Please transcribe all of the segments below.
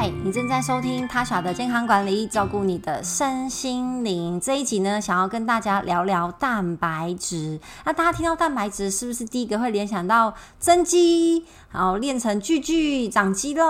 Hi, 你正在收聽 Tasha 的健康管理，照顧你的身心靈。這一集呢，想要跟大家聊聊蛋白質。那大家聽到蛋白質，是不是第一個會聯想到增肌，然後練成巨巨長肌肉，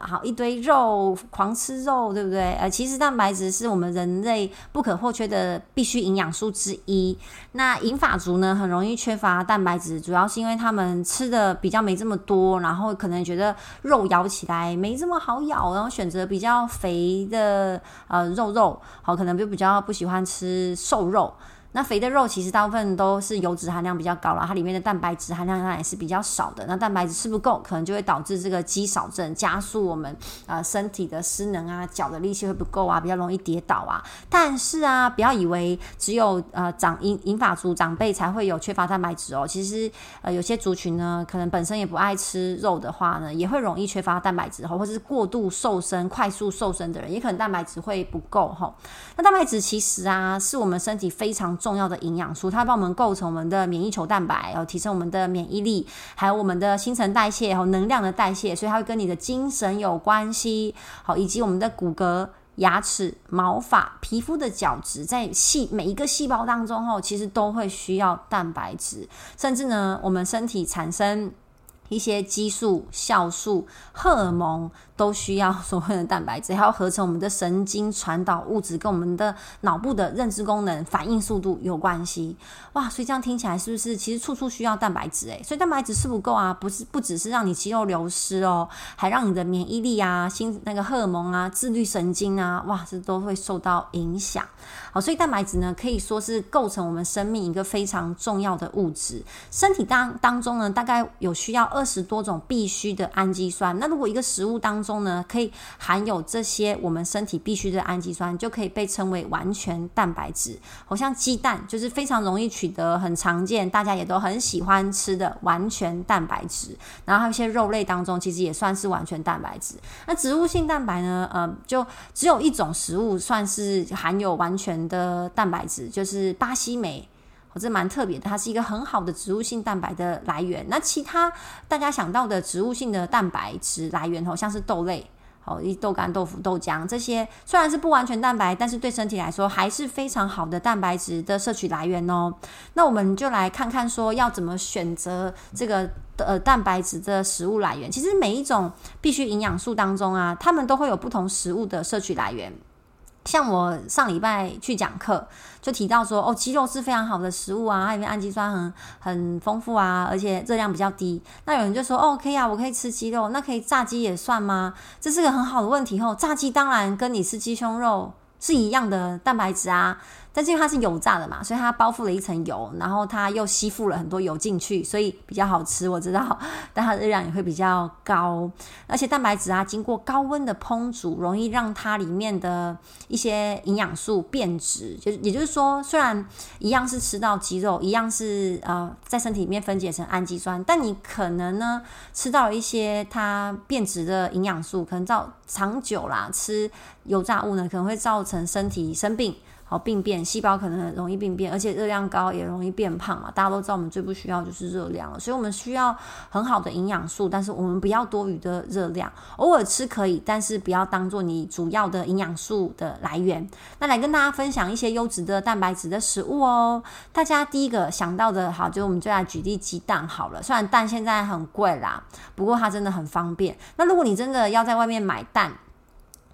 好，一堆肉，狂吃肉，對不對？呃，其實蛋白質是我們人類不可或缺的必須營養素之一。那銀髮族呢，很容易缺乏蛋白質，主要是因為他們吃的比較沒這麼多，然後可能覺得肉咬起來沒這麼好咬。然後選擇比較肥的呃肉肉，好，可能就比較不喜歡吃瘦肉。那肥的肉其實大部分都是油脂含量比較高啦，它裡面的蛋白質含量也是比較少的。那蛋白質吃不夠，可能就會導致這個肌少症，加速我們呃身體的失能啊，腳的力氣會不夠啊，比較容易跌倒啊。但是啊，不要以為只有呃長銀銀髮族長輩才會有缺乏蛋白質哦。其實呃有些族群呢，可能本身也不愛吃肉的話呢，也會容易缺乏蛋白質哦，或者是過度瘦身、快速瘦身的人，也可能蛋白質會不夠哦。那蛋白質其實啊，是我們身體非常。重要的營養素，它幫我們構成我們的免疫球蛋白，有、哦、提升我們的免疫力，還有我們的新陳代謝，和、哦、能量的代謝，所以它會跟你的精神有關係，好、哦，以及我們的骨骼、牙齒、毛髮、皮膚的角質，在細每一個細胞當中，哦，其實都會需要蛋白質，甚至呢，我們身體產生一些激素、酵素、荷爾蒙，都需要所謂的蛋白質，還要合成我們的神經傳導物質，跟我們的腦部的認知功能、反應速度有關係。哇，所以這樣聽起來是不是其實處處需要蛋白質、欸？誒，所以蛋白質是不夠啊，不是不只是讓你肌肉流失哦，還讓你的免疫力啊、心那個荷爾蒙啊、自律神經啊，哇，這都會受到影響。好，所以蛋白質呢，可以說是構成我們生命一個非常重要的物質。身體當當中呢，大概有需要二十多種必需的氨基酸。那如果一個食物當中中呢，可以含有這些我們身體必需的氨基酸，就可以被稱為完全蛋白質。好像雞蛋就是非常容易取得、很常見、大家也都很喜歡吃的完全蛋白質。然後還有一些肉類當中，其實也算是完全蛋白質。那植物性蛋白呢？嗯、呃，就只有一種食物算是含有完全的蛋白質，就是巴西莓。我這蠻特別的，它是一個很好的植物性蛋白的來源。那其他大家想到的植物性的蛋白質來源，好像是豆類，豆乾、豆腐、豆漿這些，雖然是不完全蛋白，但是對身體來說還是非常好的蛋白質的攝取來源哦。那我們就來看看說要怎麼選擇這個呃蛋白質的食物來源。其實每一種必需營養素當中啊，它們都會有不同食物的攝取來源。像我上禮拜去講課，就提到說，哦，雞肉是非常好的食物啊，因為氨基酸很很豐富啊，而且熱量比較低。那有人就說，哦，可以啊，我可以吃雞肉，那可以炸雞也算嗎？這是個很好的問題哦。炸雞當然跟你吃雞胸肉是一樣的蛋白質啊。但是因為它是油炸的嘛，所以它包覆了一層油，然後它又吸附了很多油進去，所以比較好吃。我知道，但它的熱量也會比較高。而且蛋白質啊，經過高溫的烹煮，容易讓它裡面的一些營養素變質。就是也就是說，雖然一樣是吃到雞肉，一樣是呃在身體裡面分解成氨基酸，但你可能呢吃到一些它變質的營養素，可能造長久啦吃油炸物呢，可能會造成身體生病。好，病變細胞可能很容易病變，而且熱量高也容易變胖嘛。大家都知道我們最不需要就是熱量了，所以我們需要很好的營養素，但是我們不要多餘的熱量。偶爾吃可以，但是不要當做你主要的營養素的來源。那來跟大家分享一些優質的蛋白質的食物哦。大家第一個想到的好，就我們就來舉例雞蛋好了。雖然蛋現在很貴啦，不過它真的很方便。那如果你真的要在外面買蛋，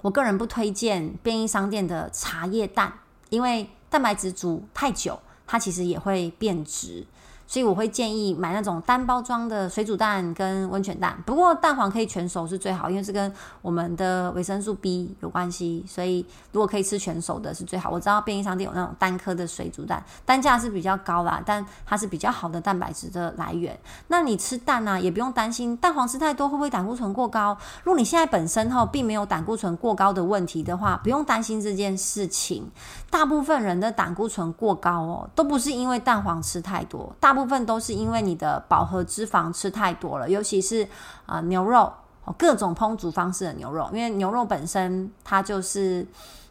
我個人不推薦便利商店的茶葉蛋。因為蛋白質煮太久，它其實也會變質。所以我會建議買那種單包裝的水煮蛋跟溫泉蛋，不過蛋黃可以全熟是最好，因為是跟我們的維生素 B 有關係，所以如果可以吃全熟的是最好。我知道便利商店有那種單顆的水煮蛋，單價是比較高啦，但它是比較好的蛋白質的來源。那你吃蛋呢、啊，也不用擔心蛋黃吃太多會不會膽固醇過高？如果你現在本身哈、喔、並沒有膽固醇過高的問題的話，不用擔心這件事情。大部分人的膽固醇過高哦、喔，都不是因為蛋黃吃太多，大部分都是因為你的飽和脂肪吃太多了，尤其是啊牛肉，各種烹煮方式的牛肉，因為牛肉本身它就是。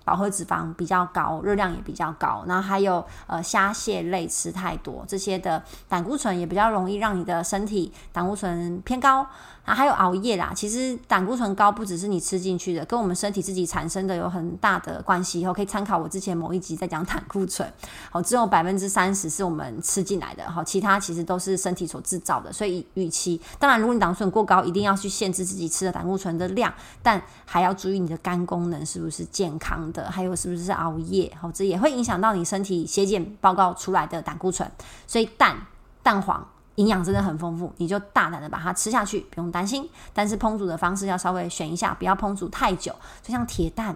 飽和脂肪比較高，熱量也比較高，然後還有呃蝦蟹類吃太多，這些的膽固醇也比較容易讓你的身體膽固醇偏高。啊，還有熬夜啦，其實膽固醇高不只是你吃進去的，跟我們身體自己產生的有很大的關係。以後可以參考我之前某一集在講膽固醇，好，只有百分之三十是我們吃進來的，好，其他其實都是身體所製造的。所以預期，當然如果你膽固醇過高，一定要去限制自己吃的膽固醇的量，但還要注意你的肝功能是不是健康的。還有是不是，是熬夜？好，這也會影響到你身體血檢報告出來的膽固醇。所以蛋蛋黃營養真的很豐富，你就大膽的把它吃下去，不用擔心。但是烹煮的方式要稍微選一下，不要烹煮太久。就像鐵蛋，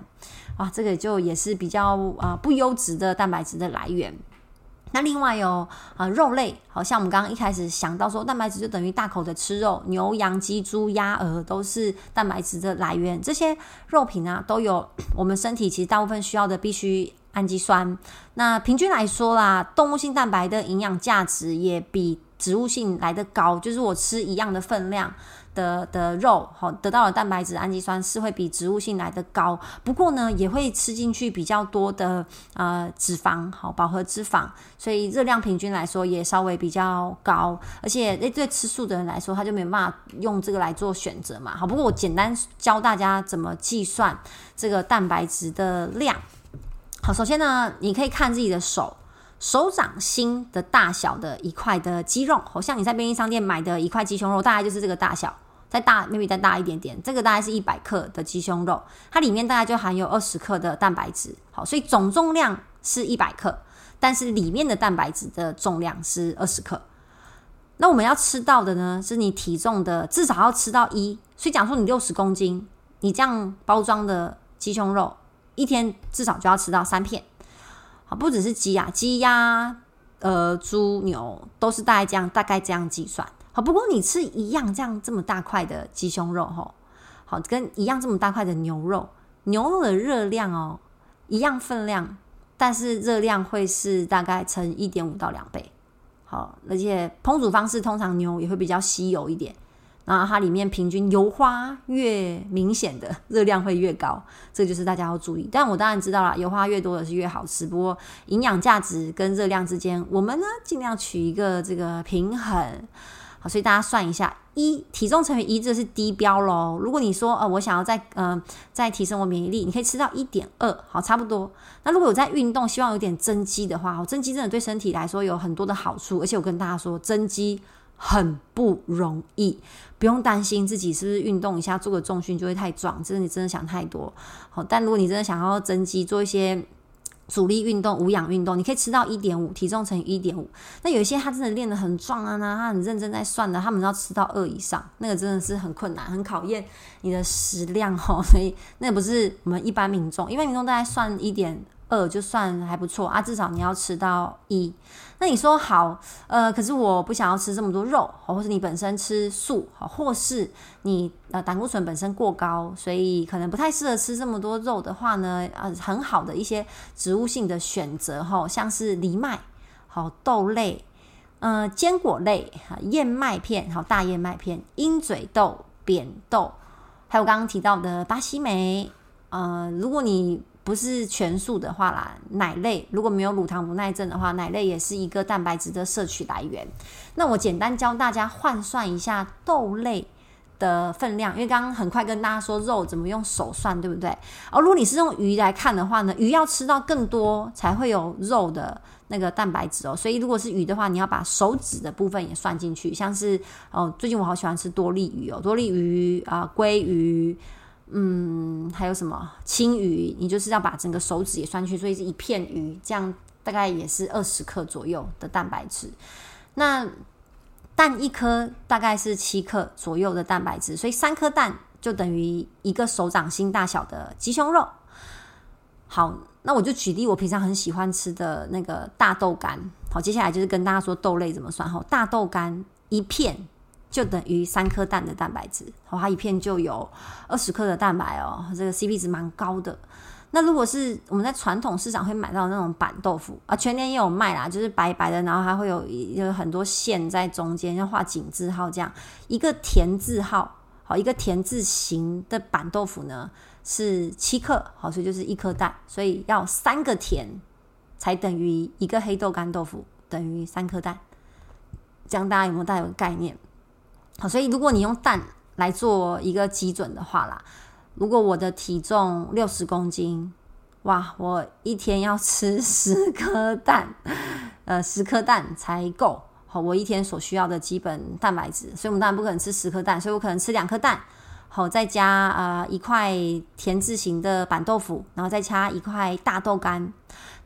啊，這個就也是比較啊、呃、不優質的蛋白質的來源。那另外有啊肉類，好像我們剛剛一開始想到說蛋白質就等於大口的吃肉，牛羊雞豬鴨鵝都是蛋白質的來源，這些肉品啊都有我們身體其實大部分需要的必需氨基酸。那平均來說啦，動物性蛋白的營養價值也比植物性來得高，就是我吃一樣的分量。的的肉好，得到了蛋白質、氨基酸，是會比植物性來的高，不過呢，也會吃進去比較多的啊、呃、脂肪好，飽和脂肪，所以熱量平均來說也稍微比較高，而且那對吃素的人來說，他就沒辦法用這個來做選擇嘛好，不過我簡單教大家怎麼計算這個蛋白質的量。好，首先呢，你可以看自己的手手掌心的大小的一塊的肌肉，好像你在便利商店買的一塊雞胸肉，大概就是這個大小。再大，maybe 再大一點點。這個大概是一百克的雞胸肉，它裡面大概就含有二十克的蛋白質。好，所以總重量是一百克，但是裡面的蛋白質的重量是二十克。那我們要吃到的呢，是你體重的至少要吃到一。所以講說你六十公斤，你這樣包裝的雞胸肉一天至少就要吃到三片。好，不只是雞啊，雞鴨、呃、豬牛都是大概這樣，大概這樣計算。好，不過你吃一樣這樣這麼大塊的雞胸肉，吼、哦，好跟一樣這麼大塊的牛肉，牛肉的熱量哦，一樣分量，但是熱量會是大概乘一點五到兩倍。好，而且烹煮方式通常牛也會比較吸油一點，然後它裡面平均油花越明顯的熱量會越高，這就是大家要注意。但我當然知道啦，油花越多的是越好吃，不過營養價值跟熱量之間，我們呢盡量取一個這個平衡。好，所以大家算一下，一體重乘以一，這是低標嘍。如果你說，呃，我想要再，嗯、呃，再提升我免疫力，你可以吃到一點二，好，差不多。那如果我在運動，希望有點增肌的話，哦，增肌真的對身體來說有很多的好處，而且我跟大家說，增肌很不容易，不用擔心自己是不是運動一下做個重訓就會太壯，這是你真的想太多。好，但如果你真的想要增肌，做一些。阻力運動、無氧運動，你可以吃到一點五，體重乘以一點五。那有一些他真的練得很壯啊，他很認真在算的、啊，他們都要吃到二以上，那個真的是很困難，很考驗你的食量哦。所以那個不是我們一般民眾，一般民眾大概算一點五。就算還不錯啊，至少你要吃到一。那你說好，呃，可是我不想要吃這麼多肉，或者你本身吃素，或是你呃膽固醇本身過高，所以可能不太適合吃這麼多肉的話呢，呃，很好的一些植物性的選擇哈，像是藜麥、好豆類、嗯、呃、堅果類、燕麥片、好大燕麥片、鷹嘴豆、扁豆，還有剛剛提到的巴西莓，呃，如果你不是全素的話啦，奶類如果沒有乳糖不耐症的話，奶類也是一個蛋白質的攝取來源。那我簡單教大家換算一下豆類的分量，因為剛剛很快跟大家說肉怎麼用手算，對不對？哦，如果你是用魚來看的話呢，魚要吃到更多才會有肉的那個蛋白質哦。所以如果是魚的話，你要把手指的部分也算進去，像是哦，最近我好喜歡吃多利魚哦，多利魚啊、呃，鮭魚。嗯，還有什麼？青魚，你就是要把整個手指也算去，所以是一片魚，這樣大概也是二十克左右的蛋白質。那蛋一顆大概是七克左右的蛋白質，所以三顆蛋就等於一個手掌心大小的雞胸肉。好，那我就舉例我平常很喜歡吃的那個大豆干。好，接下來就是跟大家說豆類怎麼算。好，大豆干一片。就等於三顆蛋的蛋白質，它一片就有二十克的蛋白哦，這個 CP 值蠻高的。那如果是我們在傳統市場會買到那種板豆腐啊，全年也有賣啦，就是白白的，然後它會有有很多線在中間，要畫井字號，這樣一個田字號，好，一個田字形的板豆腐呢是七克，好，所以就是一顆蛋，所以要三個田才等於一個黑豆乾豆腐，等於三顆蛋，這樣大家有沒有帶有概念？所以，如果你用蛋來做一個基準的話啦，如果我的體重六十公斤，哇，我一天要吃十顆蛋，呃，十顆蛋才夠。好、哦，我一天所需要的基本蛋白質，所以我們當然不可能吃十顆蛋，所以我可能吃兩顆蛋。好、哦，再加啊、呃、一塊田字形的板豆腐，然後再加一塊大豆乾，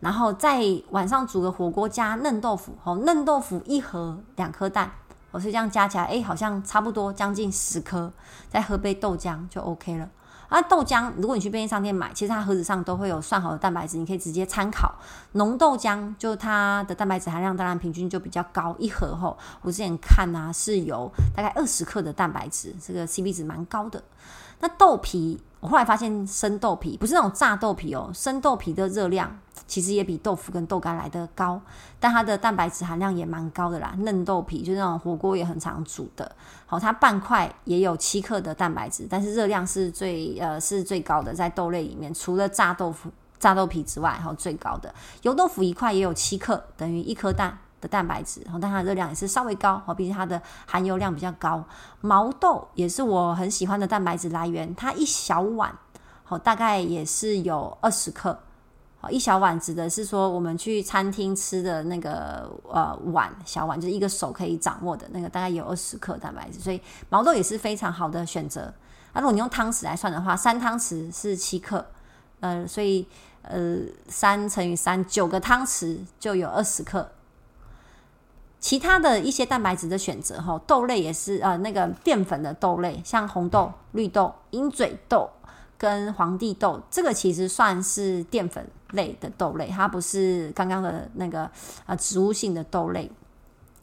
然後再晚上煮個火鍋加嫩豆腐。好、哦，嫩豆腐一盒兩顆蛋。我就這樣加起來，欸、好像差不多將近十克，再喝杯豆漿就 OK 了。啊，豆漿如果你去便利商店買，其實它盒子上都會有算好的蛋白質，你可以直接參考。濃豆漿就它的蛋白質含量當然平均就比較高，一盒吼，我之前看吶、啊、是有大概二十克的蛋白質，這個 CP 值蠻高的。那豆皮我後來發現生豆皮不是那種炸豆皮哦、喔，生豆皮的熱量。其實也比豆腐跟豆干來的高，但它的蛋白質含量也蠻高的啦。嫩豆皮就是那種火鍋也很常煮的，好，它半塊也有七克的蛋白質，但是熱量是最呃是最高的，在豆類裡面，除了炸豆腐、炸豆皮之外，然後最高的油豆腐一塊也有七克，等於一顆蛋的蛋白質，然後但它的熱量也是稍微高，好，畢竟它的含油量比較高。毛豆也是我很喜歡的蛋白質來源，它一小碗好，大概也是有二十克。一小碗指的是說，我們去餐廳吃的那個呃碗小碗，就是一個手可以掌握的那個，大概有二十克蛋白質。所以毛豆也是非常好的選擇。啊，如果你用湯匙來算的話，三湯匙是七克，呃，所以呃三乘以三，九個湯匙就有二十克。其他的一些蛋白質的選擇哈，豆類也是呃那個澱粉的豆類，像紅豆、綠豆、鷹嘴豆。跟皇帝豆，這個其實算是澱粉類的豆類，它不是剛剛的那個啊植物性的豆類，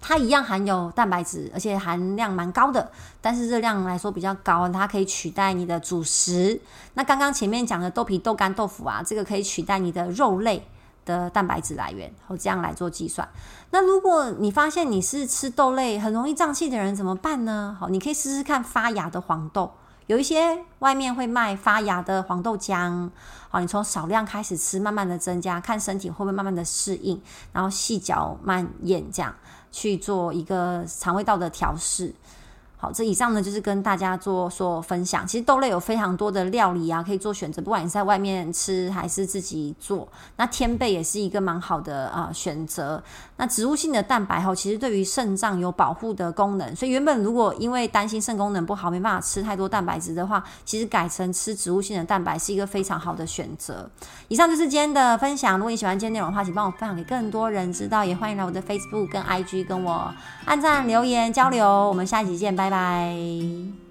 它一樣含有蛋白質，而且含量蠻高的，但是熱量來說比較高，它可以取代你的主食。那剛剛前面講的豆皮、豆干、豆腐啊，這個可以取代你的肉類的蛋白質來源，好，這樣來做計算。那如果你發現你是吃豆類很容易脹氣的人，怎麼辦呢？好，你可以試試看發芽的黃豆。有一些外面會賣發芽的黃豆漿，好，你從少量開始吃，慢慢的增加，看身體會不會慢慢的適應，然後細嚼慢嚥，這樣去做一個腸胃道的調試好，這以上呢就是跟大家做說分享。其實豆類有非常多的料理啊，可以做選擇。不管你在外面吃還是自己做，那天貝也是一個蠻好的啊、呃、選擇。那植物性的蛋白喔，其實對於腎臟有保護的功能，所以原本如果因為擔心腎功能不好，沒辦法吃太多蛋白質的話，其實改成吃植物性的蛋白是一個非常好的選擇。以上就是今天的分享。如果你喜歡今天內容的話，請幫我分享給更多人知道，也歡迎來我的 Facebook 跟 IG 跟我按讚留言交流。我們下集見，拜拜。拜拜。